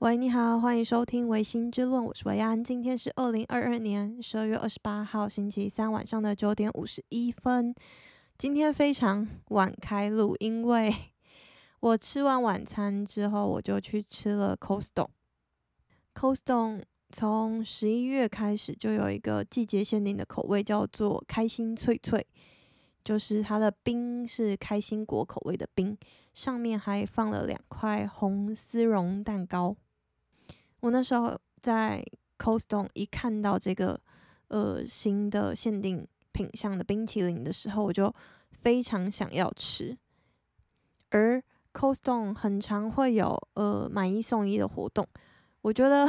喂，你好，歡迎收聽《薇心之論》，我是維安。今天是二零二二年十二月二十八號星期三晚上的九點五十一分。今天非常晚開錄，因為我吃完晚餐之後，我就去吃了 Cold Stone。Cold Stone 從十一月開始就有一個季節限定的口味，叫做開心脆脆，就是它的冰是開心果口味的冰，上面還放了兩塊紅絲絨蛋糕。我那時候在 Cold Stone 一看到這個呃新的限定品項的冰淇淋的時候，我就非常想要吃。而 Cold Stone 很常會有呃買一送一的活動，我覺得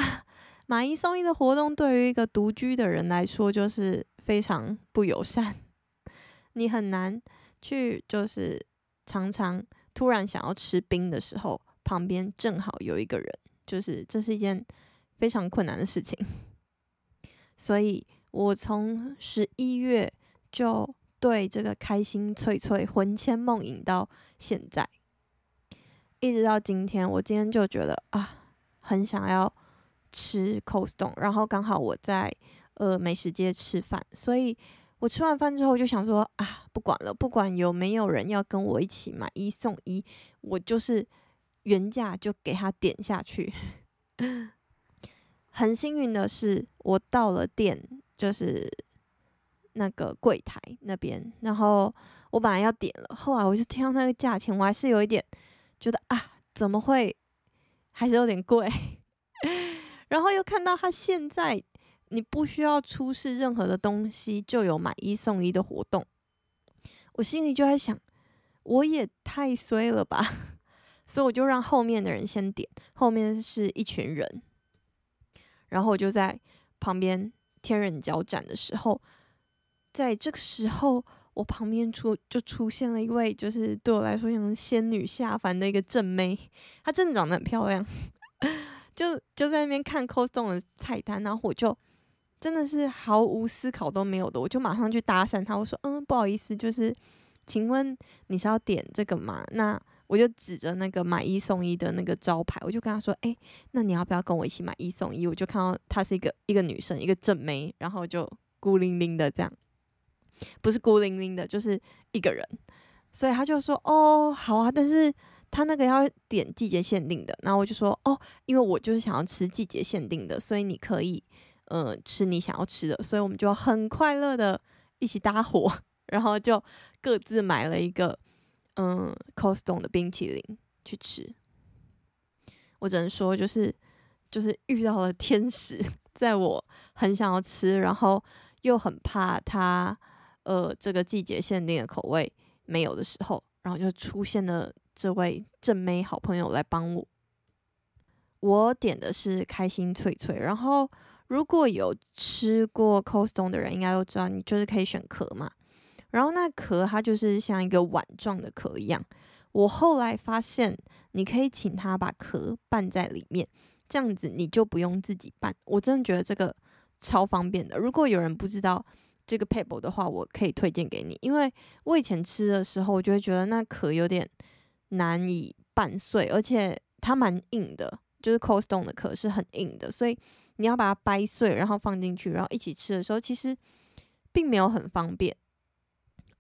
買一送一的活動對於一個獨居的人來說就是非常不友善。你很難去就是常常突然想要吃冰的時候，旁邊正好有一個人。就是這是一件非常困難的事情，所以我從十一月就對這個開心脆脆魂牽夢縈到現在，一直到今天。我今天就覺得啊，很想要吃 Cold Stone，然後剛好我在呃美食街吃飯，所以我吃完飯之後就想說啊，不管了，不管有沒有人要跟我一起買一送一，我就是。原價就給他點下去。很幸運的是，我到了店，就是那個櫃檯那邊，然後我本來要點了，後來我就聽到那個價錢，我還是有一點覺得啊，怎麼會，還是有點貴。然後又看到他現在，你不需要出示任何的東西，就有買一送一的活動，我心裡就在想，我也太衰了吧。所以我就讓後面的人先點，後面是一群人，然後我就在旁邊天人交戰的時候，在這個時候，我旁邊出就出現了一位，就是對我來說像仙女下凡的一個正妹，她真的長得很漂亮， 就就在那邊看 cos 動的菜單，然後我就真的是毫無思考都沒有的，我就馬上去打賞她，我說：“嗯，不好意思，就是請問你是要點這個嗎？”那我就指着那個買一送一的那個招牌，我就跟他說：“哎、欸，那你要不要跟我一起買一送一？”我就看到她是一個一個女生，一個正妹，然後就孤零零的這樣，不是孤零零的，就是一個人。所以他就說：“哦，好啊，但是他那個要點季節限定的。”然後我就說：“哦，因為我就是想要吃季節限定的，所以你可以，嗯、呃，吃你想要吃的。所以我們就很快樂的一起搭夥，然後就各自買了一個。”嗯，Cold Stone 的冰淇淋去吃，我只能說就是就是遇到了天使，在我很想要吃，然後又很怕它呃這個季節限定的口味沒有的時候，然後就出現了這位正妹好朋友來幫我。我點的是開心脆脆，然後如果有吃過 Cold Stone 的人應該都知道，你就是可以選殼嘛。然後那殼它就是像一個碗狀的殼一樣。我後來發現，你可以請它把殼拌在裡面，這樣子你就不用自己拌。我真的覺得這個超方便的。如果有人不知道這個撇步的話，我可以推薦給你。因為我以前吃的時候，我就會覺得那殼有點難以拌碎，而且它蠻硬的，就是 Cold Stone 的殼是很硬的，所以你要把它掰碎，然後放進去，然後一起吃的時候，其實並沒有很方便。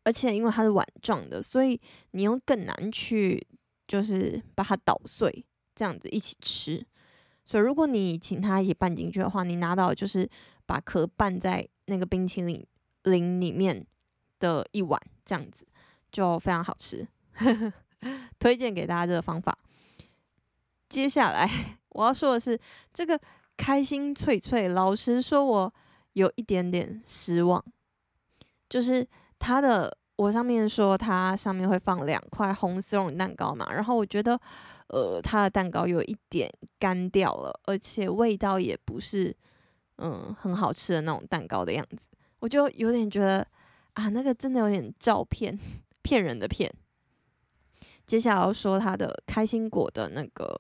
而且因為它是碗狀的，所以你用更難去就是把它搗碎，這樣子一起吃。所以如果你請它一起拌進去的話，你拿到就是把殼拌在那個冰淇淋裡面的一碗，這樣子，就非常好吃。 推薦給大家這個方法。接下來我要說的是，這個開心脆脆，老實說我有一點點失望，就是它的。我上面說它上面會放兩塊紅絲絨蛋糕嘛，然後我覺得，呃，它的蛋糕有一點乾掉了，而且味道也不是嗯、呃、很好吃的那種蛋糕的樣子，我就有點覺得啊，那個真的有點照騙，騙人的騙。接下來要說它的開心果的那個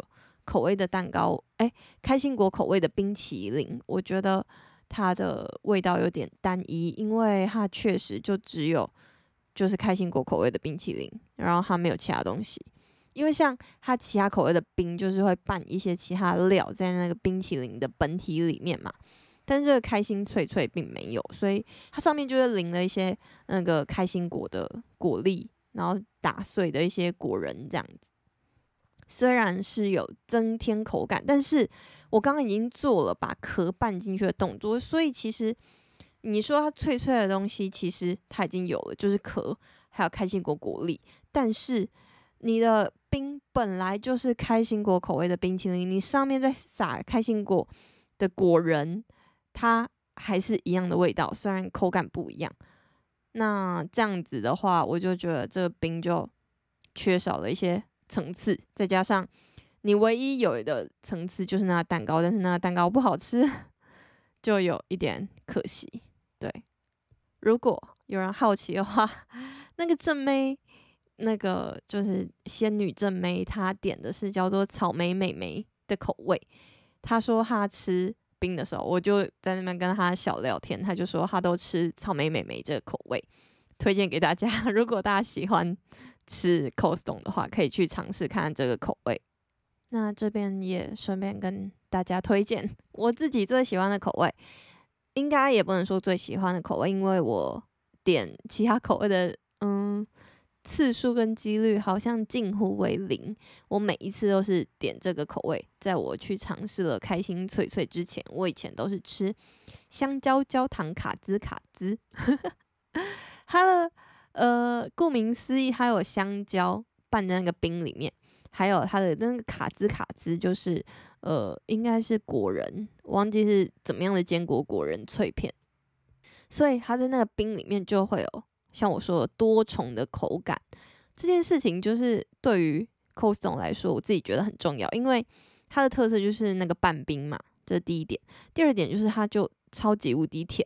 口味的蛋糕，哎，開心果口味的冰淇淋，我覺得它的味道有點單一，因為它確實就只有。就是開心果口味的冰淇淋，然後它沒有其他東西，因為像它其他口味的冰，就是會拌一些其他料在那個冰淇淋的本體裡面嘛。但這個開心脆脆並沒有，所以它上面就是淋了一些那個開心果的果粒，然後打碎的一些果仁這樣子。雖然是有增添口感，但是我剛剛已經做了把殼拌進去的動作，所以其實。你說它脆脆的東西，其實它已經有了，就是殼，還有開心果果粒。但是你的冰本來就是開心果口味的冰淇淋，你上面再撒開心果的果仁，它還是一樣的味道，雖然口感不一樣。那這樣子的話，我就覺得這個冰就缺少了一些層次。再加上你唯一有的層次就是那個蛋糕，但是那個蛋糕不好吃，就有一點可惜。對，如果有人好奇的話，那個正妹，那個就是仙女正妹，她點的是叫做草莓美美的口味。她說她吃冰的時候，我就在那邊跟她小聊天，她就說她都吃草莓美美這個口味，推薦給大家。如果大家喜歡吃 Cold Stone 的話，可以去嘗試看這個口味。那這邊也順便跟大家推薦我自己最喜歡的口味。應該也不能說最喜歡的口味，因為我點其他口味的，嗯，次數跟幾率好像近乎為零。我每一次都是點這個口味。在我去嘗試了開心脆脆之前，我以前都是吃香蕉焦糖卡茲卡茲。 Hello，呃，顧名思義，還有香蕉拌在那個冰裡面。還有它的那個卡茲卡茲，就是呃，應該是果仁，我忘記是怎麼樣的堅果果仁脆片。所以它在那個冰裡面就會有，像我說的多重的口感。這件事情就是對於 Cold Stone 來說，我自己覺得很重要，因為它的特色就是那個拌冰嘛，這是第一點。第二點就是它就超級無敵甜。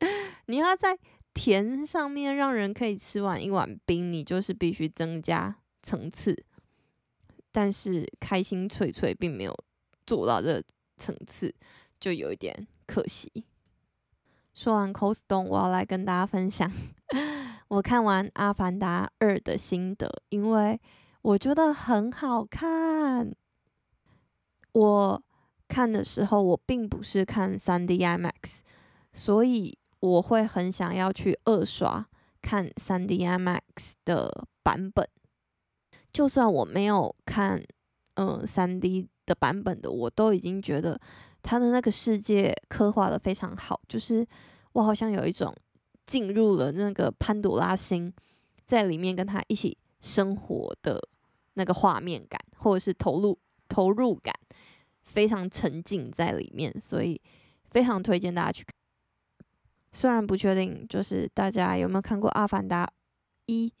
你要在甜上面讓人可以吃完一碗冰，你就是必須增加層次。但是開心脆脆並沒有做到這層次，就有一點可惜。說完 Cold Stone，我要來跟大家分享 我看完《阿凡達二》的心得，因為我覺得很好看。我看的時候，我並不是看 3D IMAX，所以我會很想要去二刷看 3D IMAX 的版本。就算我沒有看嗯 3D 的版本的，我都已經覺得他的那個世界刻畫的非常好，就是我好像有一種進入了那個潘多拉星，在裡面跟他一起生活的那個畫面感，或者是投入投入感，非常沉浸在裡面，所以非常推薦大家去看。雖然不確定，就是大家有沒有看過《阿凡達》一？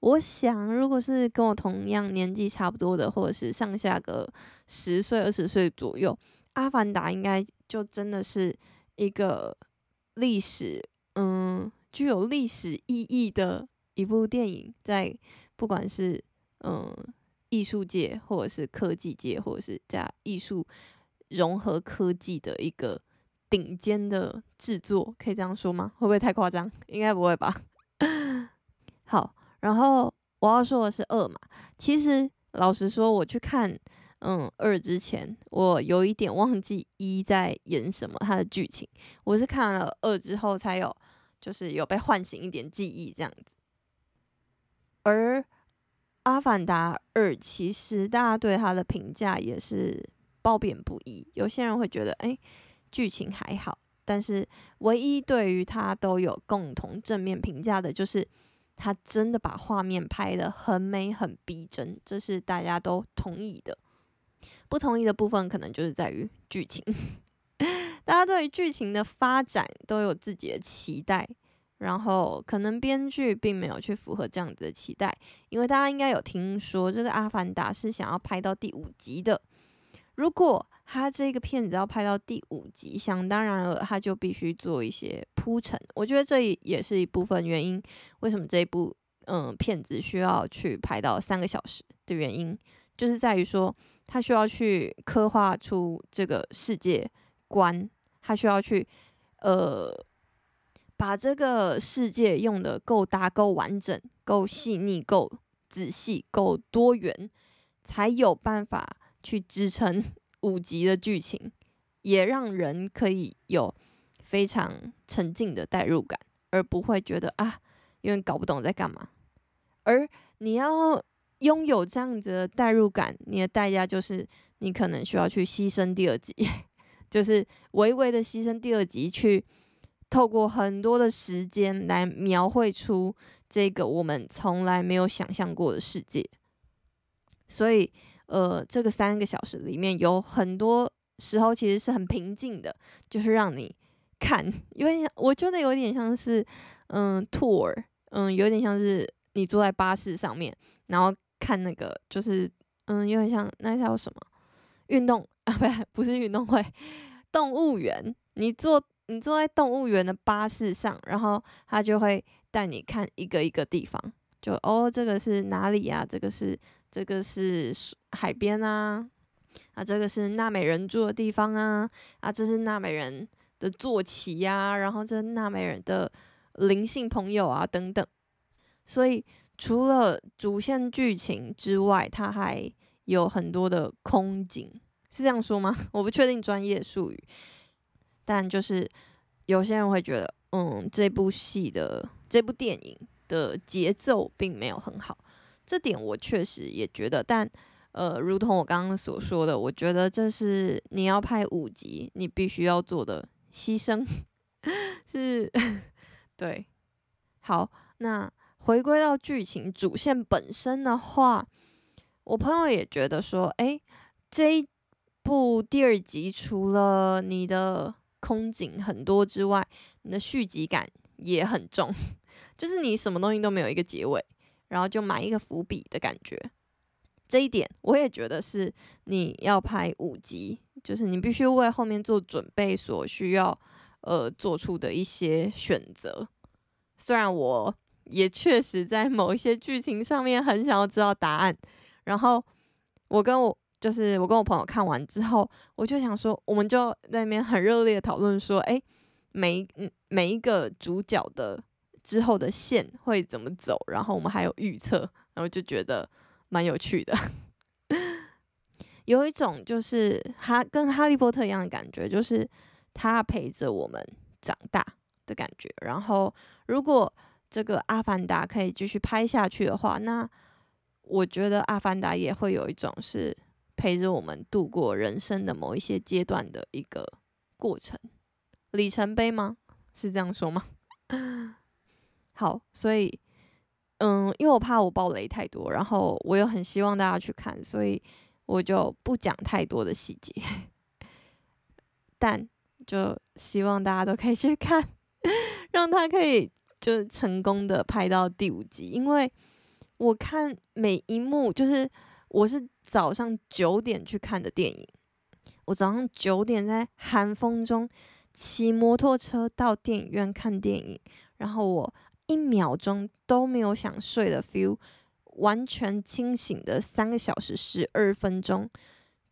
我想，如果是跟我同樣年紀差不多的，或者是上下個十歲、二十歲左右，《阿凡達》應該就真的是一個歷史，嗯，具有歷史意義的一部電影，在不管是嗯藝術界，或者是科技界，或者是加藝術融合科技的一個頂尖的制作，可以這樣說嗎？會不會太誇張？應該不會吧。 好。然後我要說的是二嘛，其實老實說，我去看嗯二之前，我有一點忘記一在演什麼，它的劇情。我是看了二之後，才有就是有被喚醒一點記憶這樣子。而《阿凡達二》其實大家對它的評價也是褒貶不一，有些人會覺得哎劇情還好，但是唯一對於它都有共同正面評價的就是。他真的把畫面拍得很美很逼真，這是大家都同意的。不同意的部分可能就是在於劇情， 大家對於劇情的發展都有自己的期待，然後可能編劇並沒有去符合這樣子的期待，因為大家應該有聽說這個《阿凡達》是想要拍到第五集的，如果。他這個片子要拍到第五集，想當然了，他就必須做一些鋪陳。我覺得這也是一部分原因，為什麼這一部嗯片子需要去拍到三個小時的原因，就是在於說，他需要去刻畫出這個世界觀，他需要去呃，把這個世界用得夠大、夠完整、夠細膩、夠仔細、夠多元，才有辦法去支撐。五集的劇情也讓人可以有非常沉浸的代入感，而不會覺得啊，因為搞不懂在幹嘛。而你要擁有這樣子的代入感，你的代價就是你可能需要去犧牲第二集，就是微微的犧牲第二集，去透過很多的時間來描繪出這個我們從來沒有想象過的世界。所以。呃，這個三個小時裡面有很多時候其實是很平靜的，就是讓你看，因為我覺得有點像是，嗯，tour，嗯，有點像是你坐在巴士上面，然後看那個，就是，嗯，有點像那叫什麼運動啊？不是，不是運動會，動物園。你坐，你坐在動物園的巴士上，然後他就會帶你看一個一個地方，就哦，這個是哪裡呀？啊？這個是。這個是海邊啊，啊，這個是娜美人住的地方啊，啊，這是娜美人的坐騎呀，啊，然後這是娜美人的靈性朋友啊，等等。所以除了主線劇情之外，它還有很多的空景，是這樣說嗎？我不確定專業術語，但就是有些人會覺得，嗯，這部戲的這部電影的節奏並沒有很好。這點我確實也覺得，但呃，如同我剛剛所說的，我覺得這是你要拍五集你必須要做的犧牲，是，對，好，那回歸到劇情主線本身的話，我朋友也覺得說，誒，這一部第二集除了你的空景很多之外，你的續集感也很重，就是你什麼東西都沒有一個結尾。然後就埋一個伏筆的感覺，這一點我也覺得是你要拍五集，就是你必須為後面做準備所需要，呃，做出的一些選擇。雖然我也確實在某一些劇情上面很想要知道答案，然後我跟我就是我跟我朋友看完之後，我就想說，我們就在那邊很熱烈的討論說，哎，每每一個主角的。之後的線會怎麼走？然後我們還有預測，然後就覺得蠻有趣的。 有一種就是哈跟《哈利波特》一樣的感覺，就是他陪着我們長大的感覺。然後，如果這個《阿凡達》可以繼續拍下去的話，那我覺得《阿凡達》也會有一種是陪着我們度過人生的某一些階段的一個過程，里程碑嗎？是這樣說嗎？ 好，所以，嗯，因為我怕我爆雷太多，然後我又很希望大家去看，所以我就不講太多的細節，但就希望大家都可以去看，讓他可以就成功的拍到第五集。因為我看每一幕，就是我是早上九點去看的電影，我早上九點在寒風中騎摩托車到電影院看電影，然後我。一秒鐘都沒有想睡的 feel，完全清醒的三個小時十二分鐘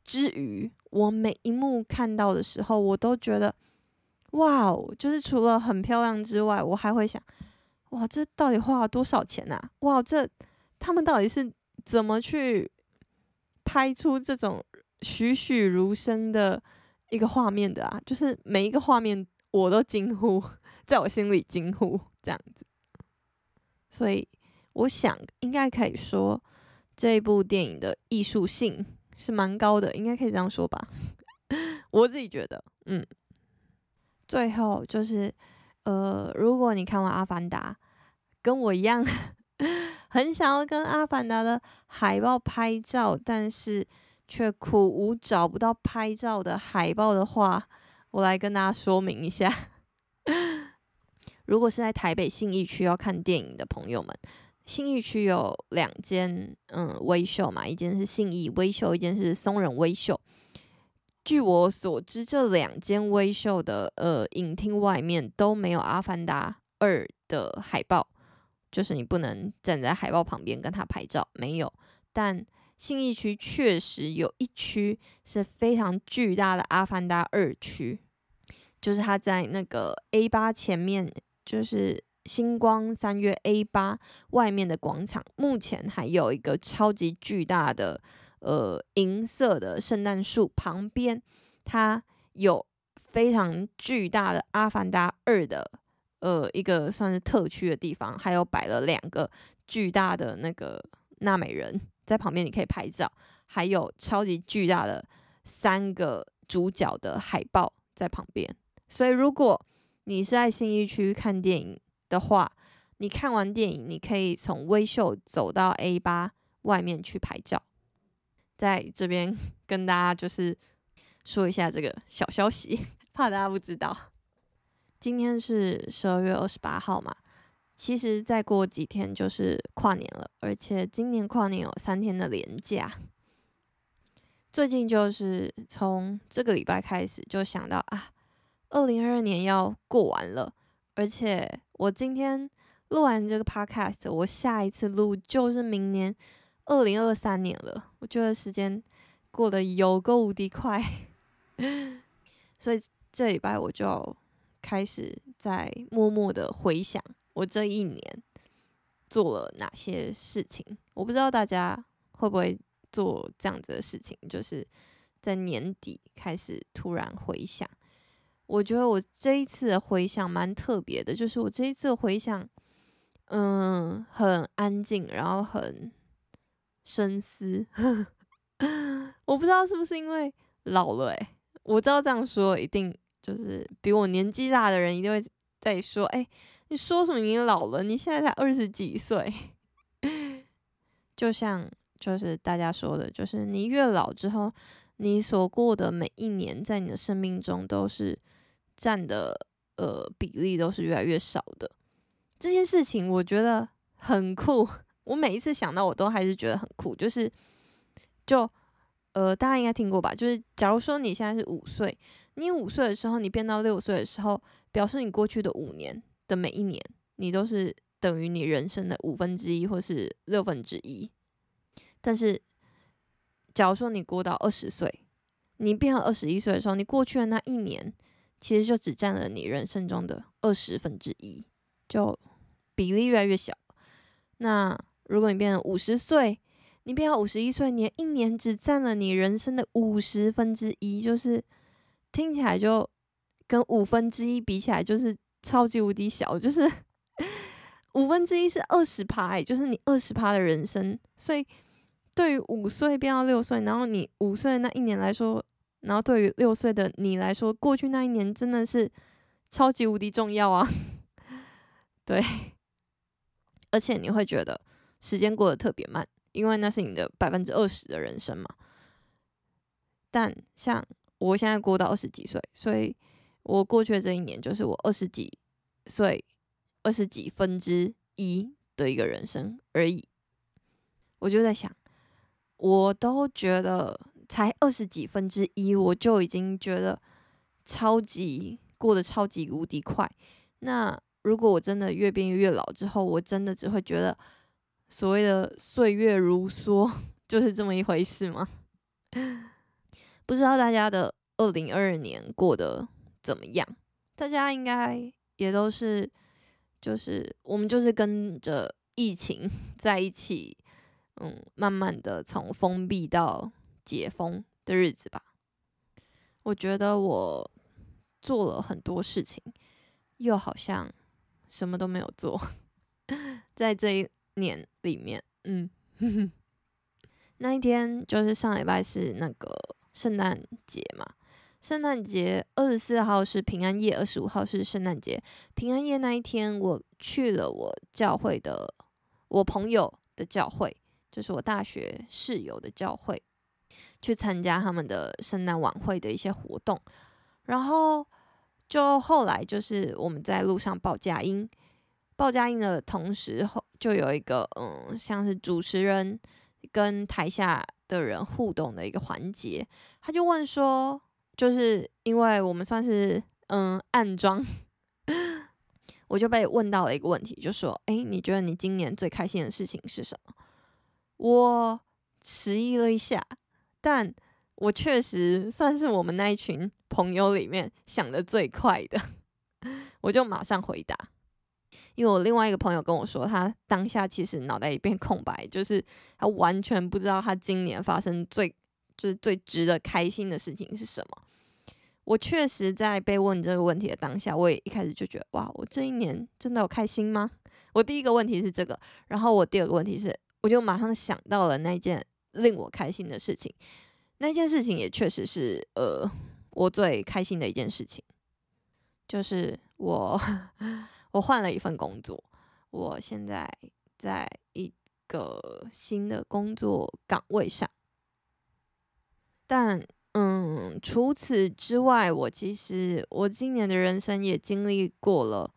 之餘，我每一幕看到的時候，我都覺得哇哦！就是除了很漂亮之外，我還會想哇，這到底花了多少錢吶啊？哇，這他們到底是怎麼去拍出這種栩栩如生的一個畫面的啊？就是每一個畫面，我都驚呼，在我心裡驚呼這樣子。所以我想應該可以說這部電影的藝術性是蠻高的，應該可以這樣說吧？ 我自己覺得，嗯。最後就是，呃，如果你看完《阿凡達》，跟我一樣， 很想要跟《阿凡達》的海報拍照，但是卻苦無找不到拍照的海報的話，我來跟大家說明一下。如果是在台北信義區要看電影的朋友們，信義區有兩間嗯威秀嘛，一間是信義威秀，一間是松仁威秀。據我所知，這兩間威秀的呃影廳外面都沒有《阿凡達二》的海報，就是你不能站在海報旁邊跟他拍照，沒有。但信義區確實有一區是非常巨大的《阿凡達二》區，就是他在那個 A8 前面。就是新光三越 A 八外面的廣場，目前還有一個超級巨大的呃銀色的聖誕樹旁邊，它有非常巨大的《阿凡達二》的呃一個算是特區的地方，還有擺了兩個巨大的那個納美人在旁邊，你可以拍照，還有超級巨大的三個主角的海報在旁邊，所以如果你是在信義區看電影的話，你看完電影，你可以從威秀走到 A 八外面去拍照。在這邊跟大家就是說一下這個小消息，怕大家不知道。今天是十二月二十八號嘛，其實再過幾天就是跨年了，而且今年跨年有三天的連假。最近就是從這個禮拜開始就想到啊。二零二二年要過完了，而且我今天錄完這個 podcast，我下一次錄就是明年二零二三年了。我覺得時間過得有夠無敵快， 所以這禮拜我就要開始在默默的回想我這一年做了哪些事情。我不知道大家會不會做這樣子的事情，就是在年底開始突然回想。我覺得我這一次的回想蠻特別的，就是我這一次回想，嗯，很安靜，然後很深思。 我不知道是不是因為老了誒、欸，我知道這樣說一定就是比我年紀大的人一定會在說，哎、欸，你說什麼？你老了？你現在才二十幾歲。 就像就是大家說的，就是你越老之後，你所過的每一年在你的生命中都是。佔的呃比例，都是越來越少的，這件事情我覺得很酷。我每一次想到，我都還是覺得很酷。就是就呃，大家應該聽過吧？就是假如說你現在是五歲，你五歲的時候，你變到六歲的時候，表示你過去的五年的每一年，你都是等於你人生的五分之一或是六分之一。但是假如說你過到二十歲，你變到二十一歲的時候，你過去的那一年。其實就只佔了你人生中的二十分之一，就比例越來越小。那如果你變成五十歲，你變到五十一歲，你一年只佔了你人生的五十分之一，就是聽起來就跟五分之一比起來，就是超級無敵小。就是五分之一是二十趴，就是你二十趴的人生。所以對於五歲變到六歲，然後你五歲那一年來說。然後，對於六歲的你來說，過去那一年真的是超級無敵重要啊！對，而且你會覺得時間過得特別慢，因為那是你的百分之二十的人生嘛。但像我現在過到二十幾歲，所以我過去的這一年就是我二十幾歲，二十幾分之一的一個人生而已。我就在想，我都覺得。才二十幾分之一，我就已經覺得超級過得超級無敵快。那如果我真的越變越老之後，我真的只會覺得所謂的歲月如梭就是這麼一回事嗎？不知道大家的二零二二年過得怎麼樣？大家應該也都是，就是我們就是跟着疫情在一起，嗯，慢慢的從封閉到。解封的日子吧，我覺得我做了很多事情，又好像什麼都沒有做，在這一年裡面，嗯， 那一天就是上禮拜是那個聖誕節嘛，聖誕節二十四號是平安夜，二十五號是聖誕節。平安夜那一天，我去了我教會的我朋友的教會，就是我大學室友的教會。去參加他們的聖誕晚會的一些活動，然後就後來就是我們在路上報佳音，報佳音的同時後就有一個嗯，像是主持人跟台下的人互動的一個環節，他就問說，就是因為我們算是嗯暗裝， 我就被問到了一個問題，就說：“哎、欸，你覺得你今年最開心的事情是什麼？”我遲疑了一下。但我確實算是我們那一群朋友裡面想得最快的，我就馬上回答。因為我另外一個朋友跟我說，他當下其實腦袋一片空白，就是他完全不知道他今年發生最就是最值得開心的事情是什麼。我確實在被問這個問題的當下，我也一開始就覺得哇，我這一年真的有開心嗎？我第一個問題是這個，然後我第二個問題是，我就馬上想到了那件。令我開心的事情，那件事情也確實是呃我最開心的一件事情，就是我我換了一份工作，我現在在一個新的工作崗位上。但嗯，除此之外，我其實我今年的人生也經歷過了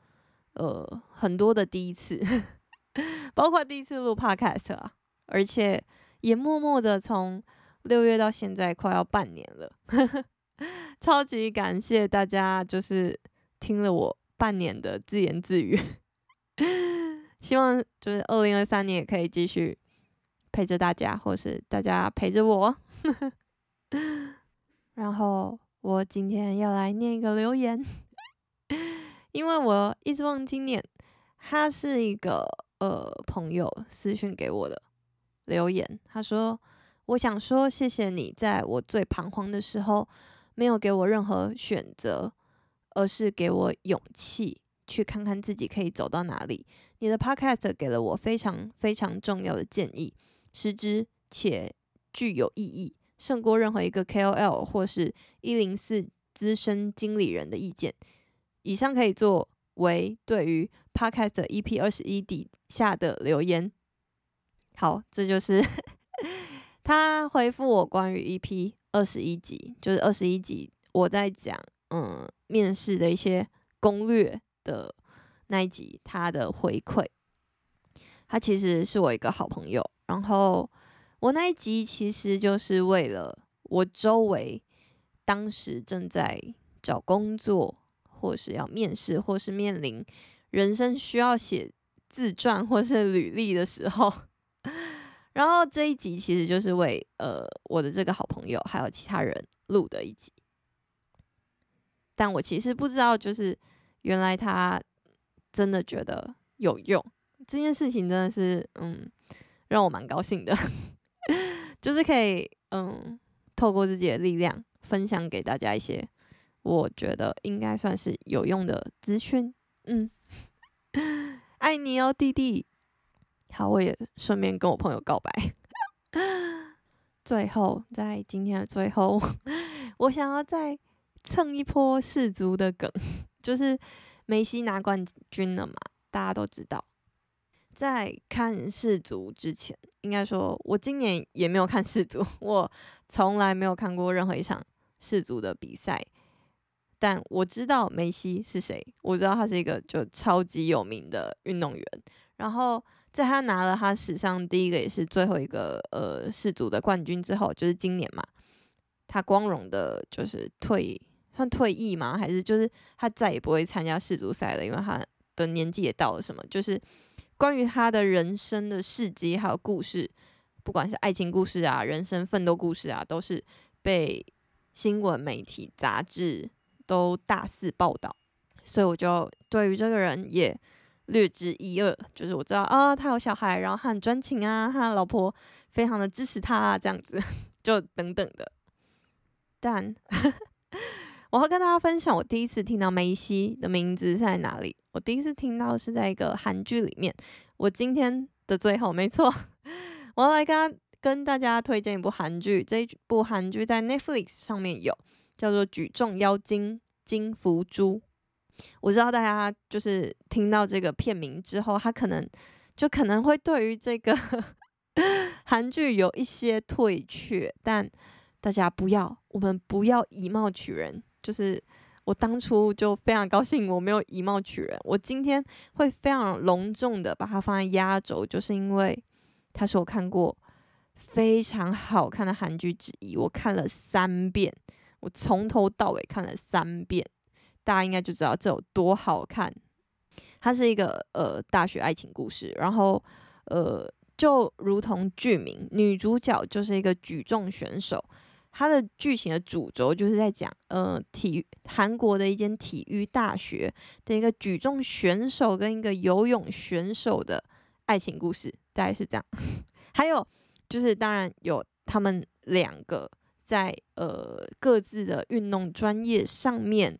呃很多的第一次，包括第一次錄 Podcast 啊，而且。也默默的從六月到現在，快要半年了呵呵，超級感謝大家，就是聽了我半年的自言自語，希望就是二零二三年也可以繼續陪着大家，或是大家陪着我呵呵。然後我今天要來念一個留言，因為我一直忘記念，他是一個呃朋友私訊給我的。留言，他說：“我想說，謝謝你在我最彷徨的時候，沒有給我任何選擇，而是給我勇氣去看看自己可以走到哪裡。你的 Podcast 給了我非常非常重要的建議，實質且具有意義，勝過任何一個 KOL 或是一零四資深經理人的意見。”以上可以作為對於 Podcast EP 二十一底下的留言。好，這就是 他回復我關於 EP 二十一集，就是二十一集我在講嗯面試的一些攻略的那一集，他的回饋。他其實是我一個好朋友，然後我那一集其實就是為了我周圍當時正在找工作，或是要面試，或是面臨人生需要寫自傳或是履歷的時候。然後這一集其實就是為呃我的這個好朋友還有其他人錄的一集，但我其實不知道，就是原來他真的覺得有用，這件事情真的是嗯讓我蠻高興的，就是可以嗯透過自己的力量分享給大家一些我覺得應該算是有用的資訊，嗯，愛你哦，弟弟。好，我也順便跟我朋友告白。 最後，在今天的最後， 我想要再蹭一波世足的梗，就是梅西拿冠軍了嘛，大家都知道。在看世足之前，應該說我今年也沒有看世足，我從來沒有看過任何一場世足的比賽。但我知道梅西是誰，我知道他是一個就超級有名的運動員，然後。在他拿了他史上第一個也是最後一個呃世足的冠軍之後，就是今年嘛，他光榮的就是退算退役嘛，還是就是他再也不會參加世足賽了，因為他的年紀也到了什麼？就是關於他的人生的事蹟還有故事，不管是愛情故事啊、人生奮鬥故事啊，都是被新聞媒體、雜誌都大肆報道，所以我就對於這個人也。略知一二，就是我知道啊，他、哦、有小孩，然後他很專情啊，他老婆非常的支持他、啊、這樣子，就等等的。但呵呵我要跟大家分享，我第一次聽到梅西的名字是在哪裡？我第一次聽到是在一個韓劇裡面。我今天的最後，沒錯，我要來跟大跟大家推薦一部韓劇，這一部韓劇在 Netflix 上面有，叫做《舉重妖精金福珠》。我知道大家就是聽到這個片名之後，他可能就可能會對於這個韓 劇有一些退卻，但大家不要，我們不要以貌取人。就是我當初就非常高興，我沒有以貌取人。我今天會非常隆重的把它放在壓軸，就是因為它是我看過非常好看的韓劇之一，我看了三遍，我從頭到尾看了三遍。大家應該就知道這有多好看。它是一個呃大學愛情故事，然後呃就如同劇名，女主角就是一個舉重選手。它的劇情的主軸就是在講呃體韓國的一間體育大學的一個舉重選手跟一個游泳選手的愛情故事，大概是這樣。還有就是當然有他們兩個在呃各自的運動專業上面。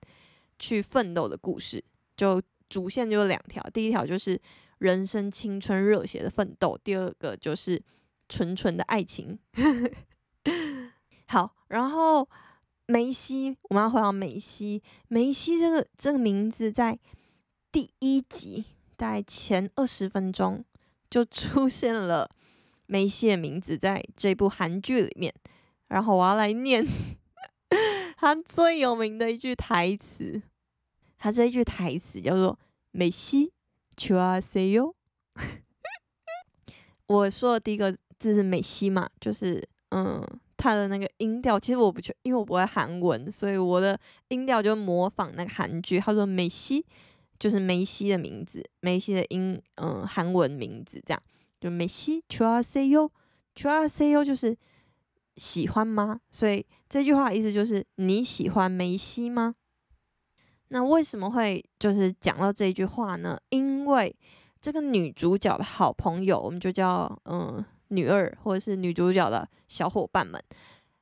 去奮鬥的故事，就主線就兩條，第一條就是人生青春熱血的奮鬥，第二個就是純純的愛情。 好，然後梅西，我們要回到梅西。梅西這個這個名字在第一集，在前二十分鐘就出現了，梅西的名字在這部韓劇裡面。然後我要來念他最有名的一句台詞。他這一句台詞叫做美西“梅西，choi say yo”。我說的第一個字是“梅西”嘛，就是嗯，他的那個音調。其實我不，因為我不會韓文，所以我的音調就模仿那個韓劇。他說“梅西”，就是梅西的名字，梅西的英嗯韓文名字這樣。就美西“梅西，choi say yo，choi say yo”，就是喜歡嗎？所以這句話意思就是你喜歡梅西嗎？那為什麼會就是講到這一句話呢？因為這個女主角的好朋友，我們就叫嗯、呃、女二或者是女主角的小夥伴們，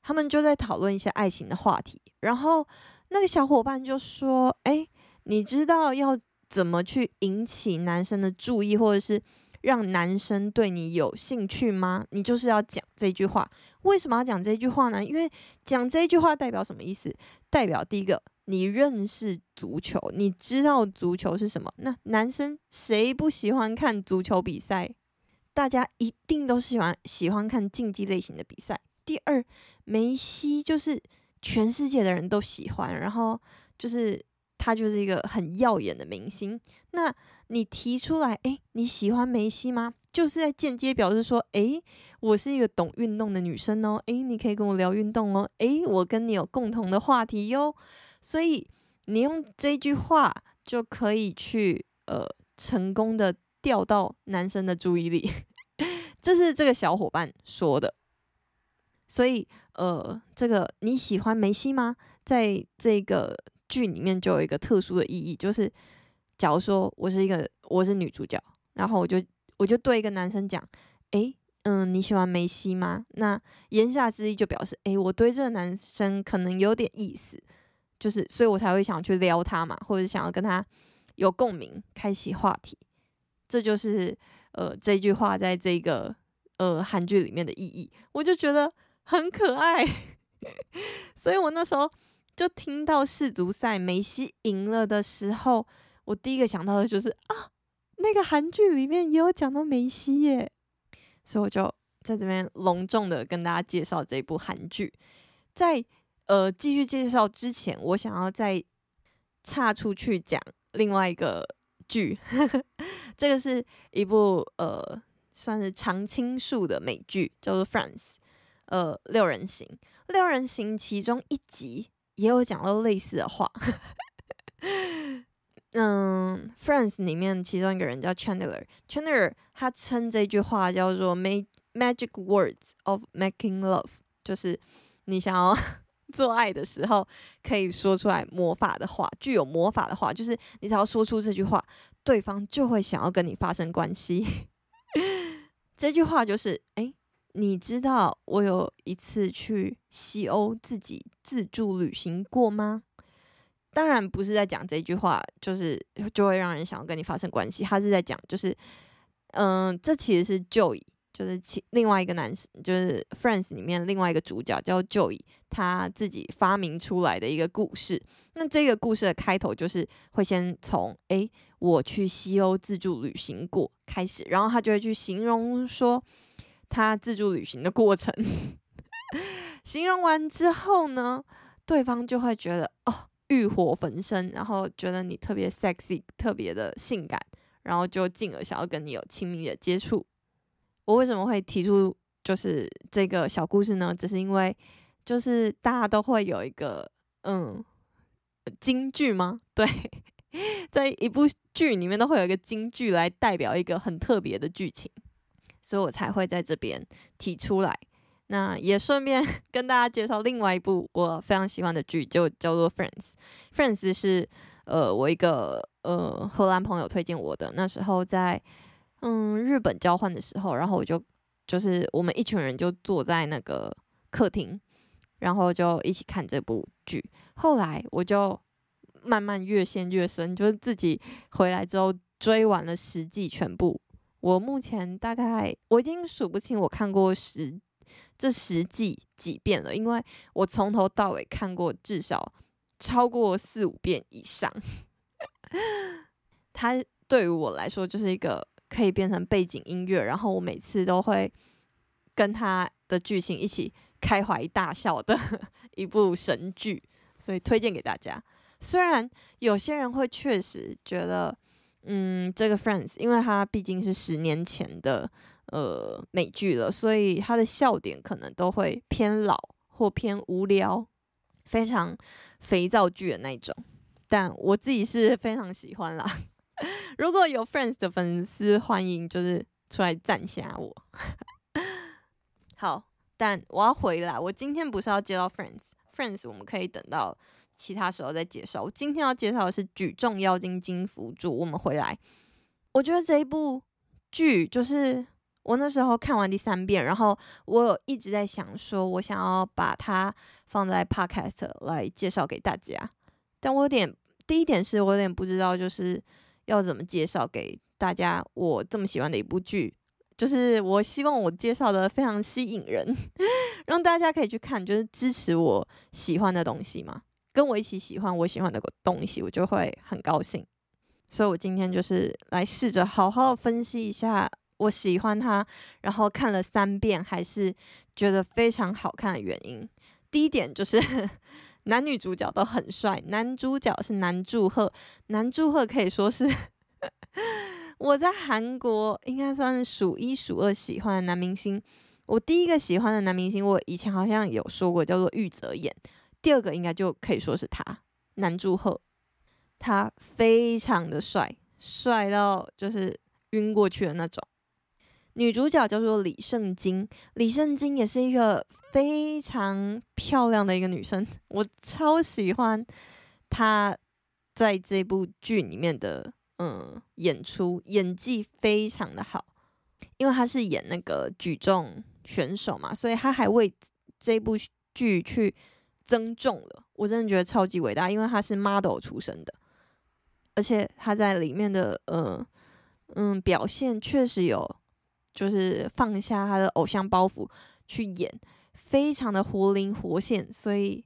他們就在討論一些愛情的話題。然後那個小夥伴就說：“哎、欸，你知道要怎麼去引起男生的注意，或者是讓男生對你有興趣嗎？你就是要講這句話。為什麼要講這句話呢？因為講這句話代表什麼意思？代表第一個。”你認識足球，你知道足球是什麼？那男生誰不喜歡看足球比賽？大家一定都喜歡喜歡看競技類型的比賽。第二，梅西就是全世界的人都喜歡，然後就是他就是一個很耀眼的明星。那你提出來，哎，你喜歡梅西嗎？就是在間接表示說，哎，我是一個懂運動的女生哦。哎，你可以跟我聊運動哦。哎，我跟你有共同的話題喲、哦。所以你用這句話就可以去呃成功的調到男生的注意力， 這是這個小伙伴說的。所以呃，這個你喜歡梅西嗎？在這個劇裡面就有一個特殊的意義，就是假如說我是一個我是女主角，然後我就我就對一個男生講，哎、欸，嗯，你喜歡梅西嗎？那言下之意就表示，哎、欸，我對這個男生可能有點意思。就是，所以我才會想去撩他嘛，或者想要跟他有共鳴，開啟話題。這就是呃，這句話在這個呃韓劇裡面的意義，我就覺得很可愛。 所以我那時候就聽到世足賽梅西贏了的時候，我第一個想到的就是啊，那個韓劇裡面也有講到梅西耶，所以我就在這邊隆重的跟大家介紹這部韓劇，在。呃，繼續介紹之前，我想要再岔出去講另外一個劇，這個是一部呃算是常青樹的美劇，叫做《Friends》，呃，《六人行》。《六人行》其中一集也有講到類似的話。嗯，呃《Friends》裡面其中一個人叫 Chandler，Chandler 他稱這句話叫做 “magic words of making love”，就是你想要。做愛的時候可以說出來魔法的話，具有魔法的話，就是你只要說出這句話，對方就會想要跟你發生關係。 這句話就是，哎、欸，你知道我有一次去西歐自己自助旅行過嗎？當然不是在講這句話，就是就會讓人想要跟你發生關係。他是在講，就是，嗯、呃，這其實是就。o 就是其另外一個男生，就是《Friends》裡面另外一個主角叫 Joey，他自己發明出來的一個故事。那這個故事的開頭就是會先從“哎、欸，我去西歐自助旅行過”開始，然後他就會去形容說他自助旅行的過程。 形容完之後呢，對方就會覺得哦，欲火焚身，然後覺得你特別 sexy，特別的性感，然後就進而想要跟你有親密的接觸。我為什麼會提出就是這個小故事呢？只是因為，就是大家都會有一個嗯，金句嗎？對，在一部劇裡面都會有一個金句來代表一個很特別的劇情，所以我才會在這邊提出來。那也順便 跟大家介紹另外一部我非常喜歡的劇，就叫做 Friends《Friends》。《Friends》是呃，我一個呃荷蘭朋友推薦我的，那時候在。嗯，日本交換的時候，然後我就就是我們一群人就坐在那個客廳，然後就一起看這部劇。後來我就慢慢越陷越深，就是自己回來之後追完了十季全部。我目前大概我已經數不清我看過十這十季幾遍了，因為我從頭到尾看過至少超過四五遍以上。它 對於我來說就是一個。可以變成背景音樂，然後我每次都會跟他的劇情一起開懷大笑的一部神劇，所以推薦給大家。雖然有些人會確實覺得，嗯，這個 Friends，因為他畢竟是十年前的呃美劇了，所以他的笑點可能都會偏老或偏無聊，非常肥皂劇的那種。但我自己是非常喜歡啦。 如果有 Friends 的粉絲，歡迎就是出來讚下我。 好，但我要回來。我今天不是要介紹 Friends，Friends 我們可以等到其他時候再介紹。我今天要介紹的是《舉重妖精金福珠》。我們回來，我覺得這一部劇就是我那時候看完第三遍，然後我有一直在想，說我想要把它放在 Podcast 來介紹給大家。但我有點，第一點是我有點不知道，就是。要怎麼介紹給大家？我這麼喜歡的一部劇，就是我希望我介紹得非常吸引人，讓大家可以去看，就是支持我喜歡的東西嘛，跟我一起喜歡我喜歡的東西，我就會很高興。所以我今天就是來試着好好分析一下，我喜歡它，然後看了三遍還是覺得非常好看的原因。第一點就是。男女主角都很帥，男主角是南柱赫，南柱赫可以說是 我在韓國應該算是數一數二喜歡的男明星。我第一個喜歡的男明星，我以前好像有說過，叫做玉澤演。第二個應該就可以說是他，南柱赫，他非常的帥，帥到就是暈過去的那種。女主角叫做李聖經，李聖經也是一個非常漂亮的一個女生，我超喜歡她在這部劇裡面的嗯演出，演技非常的好。因為她是演那個舉重選手嘛，所以她還為這部劇去增重了，我真的覺得超級偉大。因為她是 model 出身的，而且她在裡面的呃嗯，嗯表現確實有。就是放下他的偶像包袱去演，非常的活靈活現，所以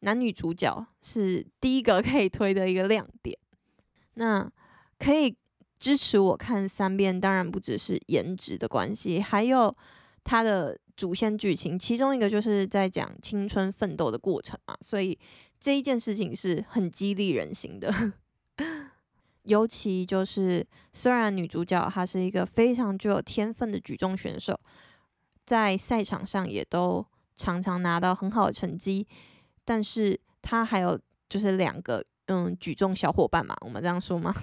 男女主角是第一個可以推的一個亮點。那可以支持我看三遍，當然不只是顏值的關係，還有他的主線劇情，其中一個就是在講青春奮鬥的過程嘛，所以這一件事情是很激勵人心的。 尤其就是，雖然女主角她是一個非常具有天分的舉重選手，在賽場上也都常常拿到很好的成績，但是她還有就是兩個嗯舉重小伙伴嘛，我們這樣說嘛，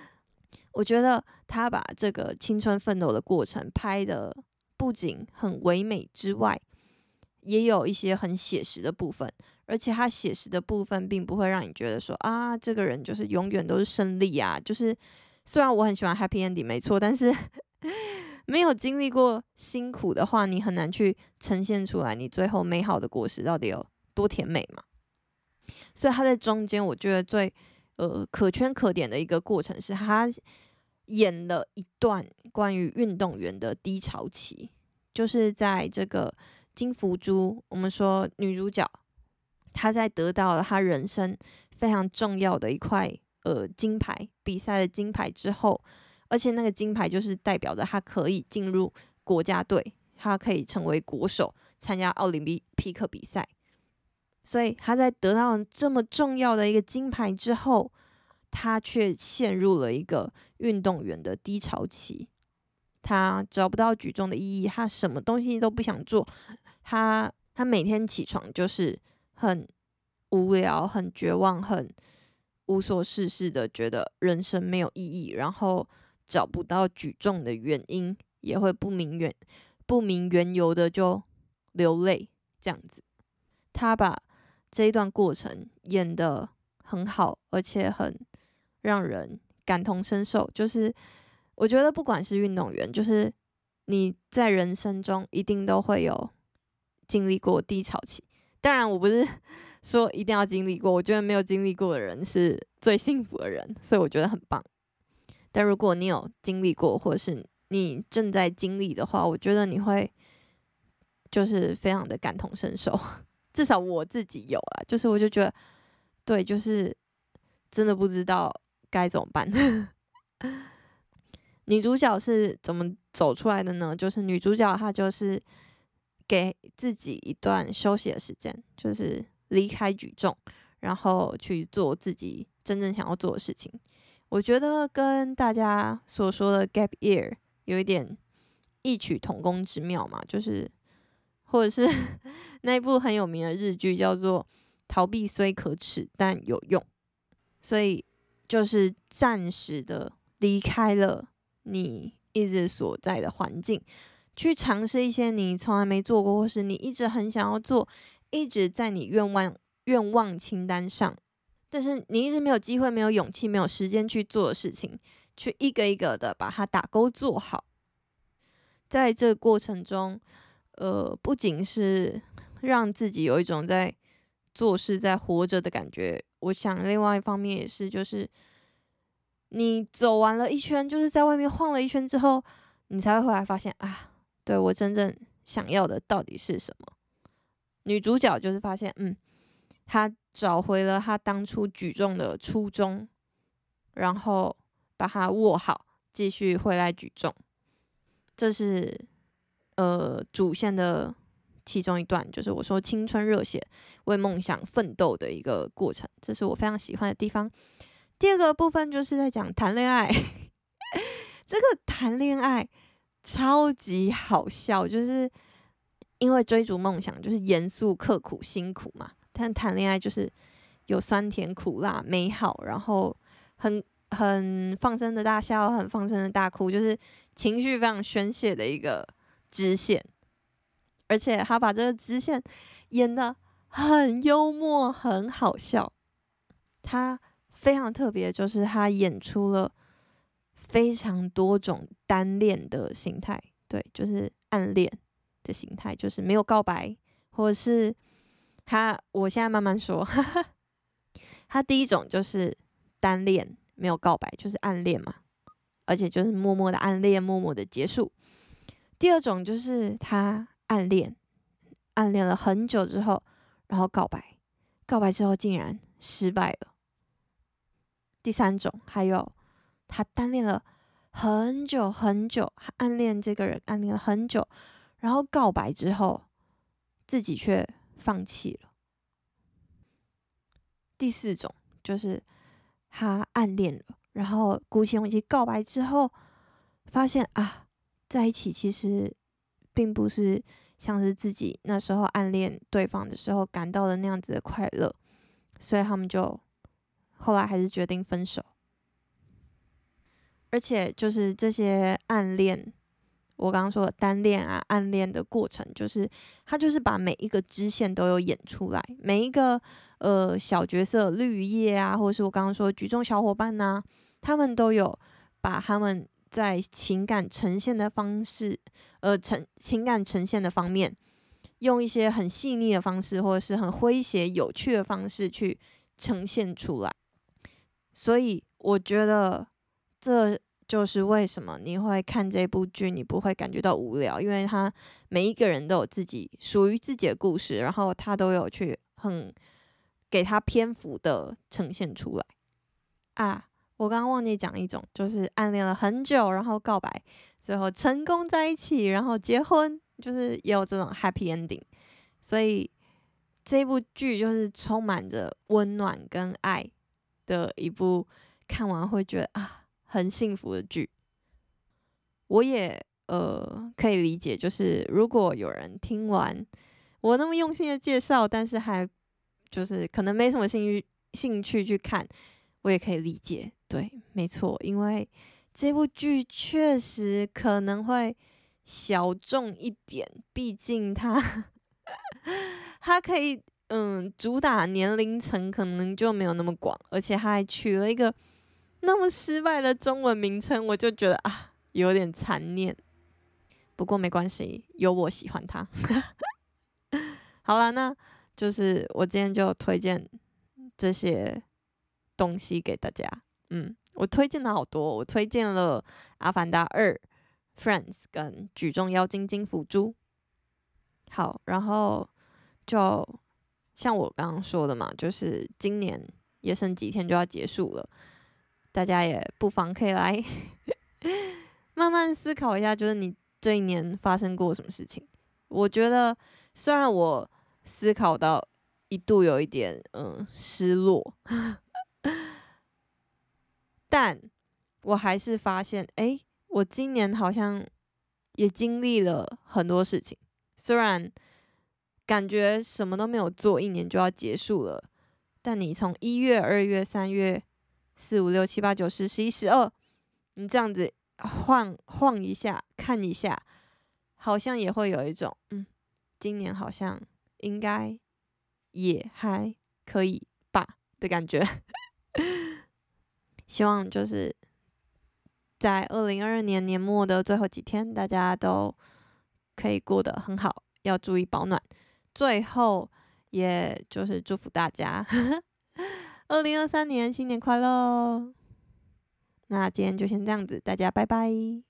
我覺得她把這個青春奮鬥的過程拍得不僅很唯美之外，也有一些很寫實的部分。而且他寫實的部分並不會讓你覺得說啊，這個人就是永遠都是勝利啊。就是雖然我很喜歡 Happy Ending 沒錯，但是沒有經歷過辛苦的話，你很難去呈現出來你最後美好的果實到底有多甜美嘛。所以他在中間，我覺得最呃可圈可點的一個過程是，他演了一段關於運動員的低潮期，就是在這個金福珠，我們說女主角。他在得到了他人生非常重要的一塊呃金牌，比賽的金牌之後，而且那個金牌就是代表着他可以進入國家隊，他可以成為國手，參加奧林匹克比賽。所以他在得到這麼重要的一個金牌之後，他卻陷入了一個運動員的低潮期。他找不到舉重的意義，他什麼東西都不想做，他他每天起床就是。很無聊，很絕望，很無所事事的，覺得人生沒有意義，然後找不到舉重的原因，也會不明原不明緣由的就流淚。這樣子，他把這一段過程演得很好，而且很讓人感同身受。就是我覺得，不管是運動員，就是你在人生中一定都會有經歷過低潮期。當然，我不是說一定要經歷過，我覺得沒有經歷過的人是最幸福的人，所以我覺得很棒。但如果你有經歷過，或是你正在經歷的話，我覺得你會就是非常的感同身受。至少我自己有啊，就是我就覺得對，就是真的不知道該怎麼辦。 女主角是怎麼走出來的呢？就是女主角她就是。給自己一段休息的時間，就是離開舉重，然後去做自己真正想要做的事情。我覺得跟大家所說的 gap year 有一點異曲同工之妙嘛，就是或者是 那部很有名的日劇叫做《逃避雖可恥但有用》，所以就是暫時的離開了你一直所在的環境。去嘗試一些你從來沒做過，或是你一直很想要做，一直在你願望願望清單上，但是你一直沒有機會、沒有勇氣、沒有時間去做的事情，去一個一個的把它打勾做好。在這過程中，呃，不僅是讓自己有一種在做事、在活着的感覺，我想另外一方面也是，就是你走完了一圈，就是在外面晃了一圈之後，你才會回來發現啊。對，我真正想要的到底是什麼？女主角就是發現，嗯，她找回了她當初舉重的初衷，然後把它握好，繼續回來舉重。這是呃主線的其中一段，就是我說青春熱血為夢想奮鬥的一個過程，這是我非常喜歡的地方。第二個部分就是在講談戀愛， 這個談戀愛。超級好笑，就是因為追逐夢想就是嚴肅、刻苦、辛苦嘛。但談戀愛就是有酸甜苦辣、美好，然後很很放聲的大笑，很放聲的大哭，就是情緒非常宣泄的一個支線。而且他把這個支線演的很幽默、很好笑。他非常特別，就是他演出了。非常多種單戀的形態，對，就是暗戀的形態，就是沒有告白，或者是他，我現在慢慢說，哈哈。他第一種就是單戀，沒有告白，就是暗戀嘛，而且就是默默的暗戀，默默的結束。第二種就是他暗戀，暗戀了很久之後，然後告白，告白之後竟然失敗了。第三種還有。他單戀了很久很久，他暗戀這個人，暗戀了很久，然後告白之後，自己卻放棄了。第四種就是他暗戀了，然後鼓起勇氣告白之後，發現啊，在一起其實並不是像是自己那時候暗戀對方的時候，感到的那樣子的快樂，所以他們就後來還是決定分手。而且就是這些暗戀，我剛剛說的單戀啊，暗戀的過程，就是他就是把每一個支線都有演出來，每一個呃小角色綠葉啊，或者是我剛剛說舉重小夥伴啊，他們都有把他們在情感呈現的方式，呃，呈情感呈現的方面，用一些很細膩的方式，或者是很詼諧有趣的方式去呈現出來，所以我覺得。這就是為什麼你會看這部劇，你不會感覺到無聊，因為他每一個人都有自己屬於自己的故事，然後他都有去很給他篇幅的呈現出來。啊，我剛剛忘記講一種，就是暗戀了很久，然後告白，最後成功在一起，然後結婚，就是也有這種 happy ending。所以這部劇就是充滿着溫暖跟愛的一部，看完會覺得啊。很幸福的劇，我也呃可以理解，就是如果有人聽完我那麼用心的介紹，但是還就是可能沒什麼興趣興趣去看，我也可以理解。對，沒錯，因為這部劇確實可能會小眾一點，畢竟它它 可以嗯主打年齡層可能就沒有那麼廣，而且它還取了一個。那麼失敗的中文名稱，我就覺得啊有點殘念。不過沒關係，有我喜歡他。 好啦，那就是我今天就推薦這些東西給大家。嗯，我推薦了好多哦，我推薦了《阿凡達二》、《Friends》跟《舉重妖精金福珠》。好，然後就像我剛剛說的嘛，就是今年也剩幾天就要結束了。大家也不妨可以來 慢慢思考一下，就是你這一年發生過什麼事情。我覺得，雖然我思考到一度有一點嗯失落，但我還是發現，哎、欸，我今年好像也經歷了很多事情。雖然感覺什麼都沒有做，一年就要結束了，但你從一月、二月、三月，四五六七八九十十一十二，你這樣子晃晃一下，看一下，好像也會有一種嗯，今年好像應該也還可以吧的感覺。 希望就是在二零二二年年末的最後幾天，大家都可以過得很好，要注意保暖。最後，也就是祝福大家。 二零二三年新年快樂哦！那今天就先這樣子，大家拜拜。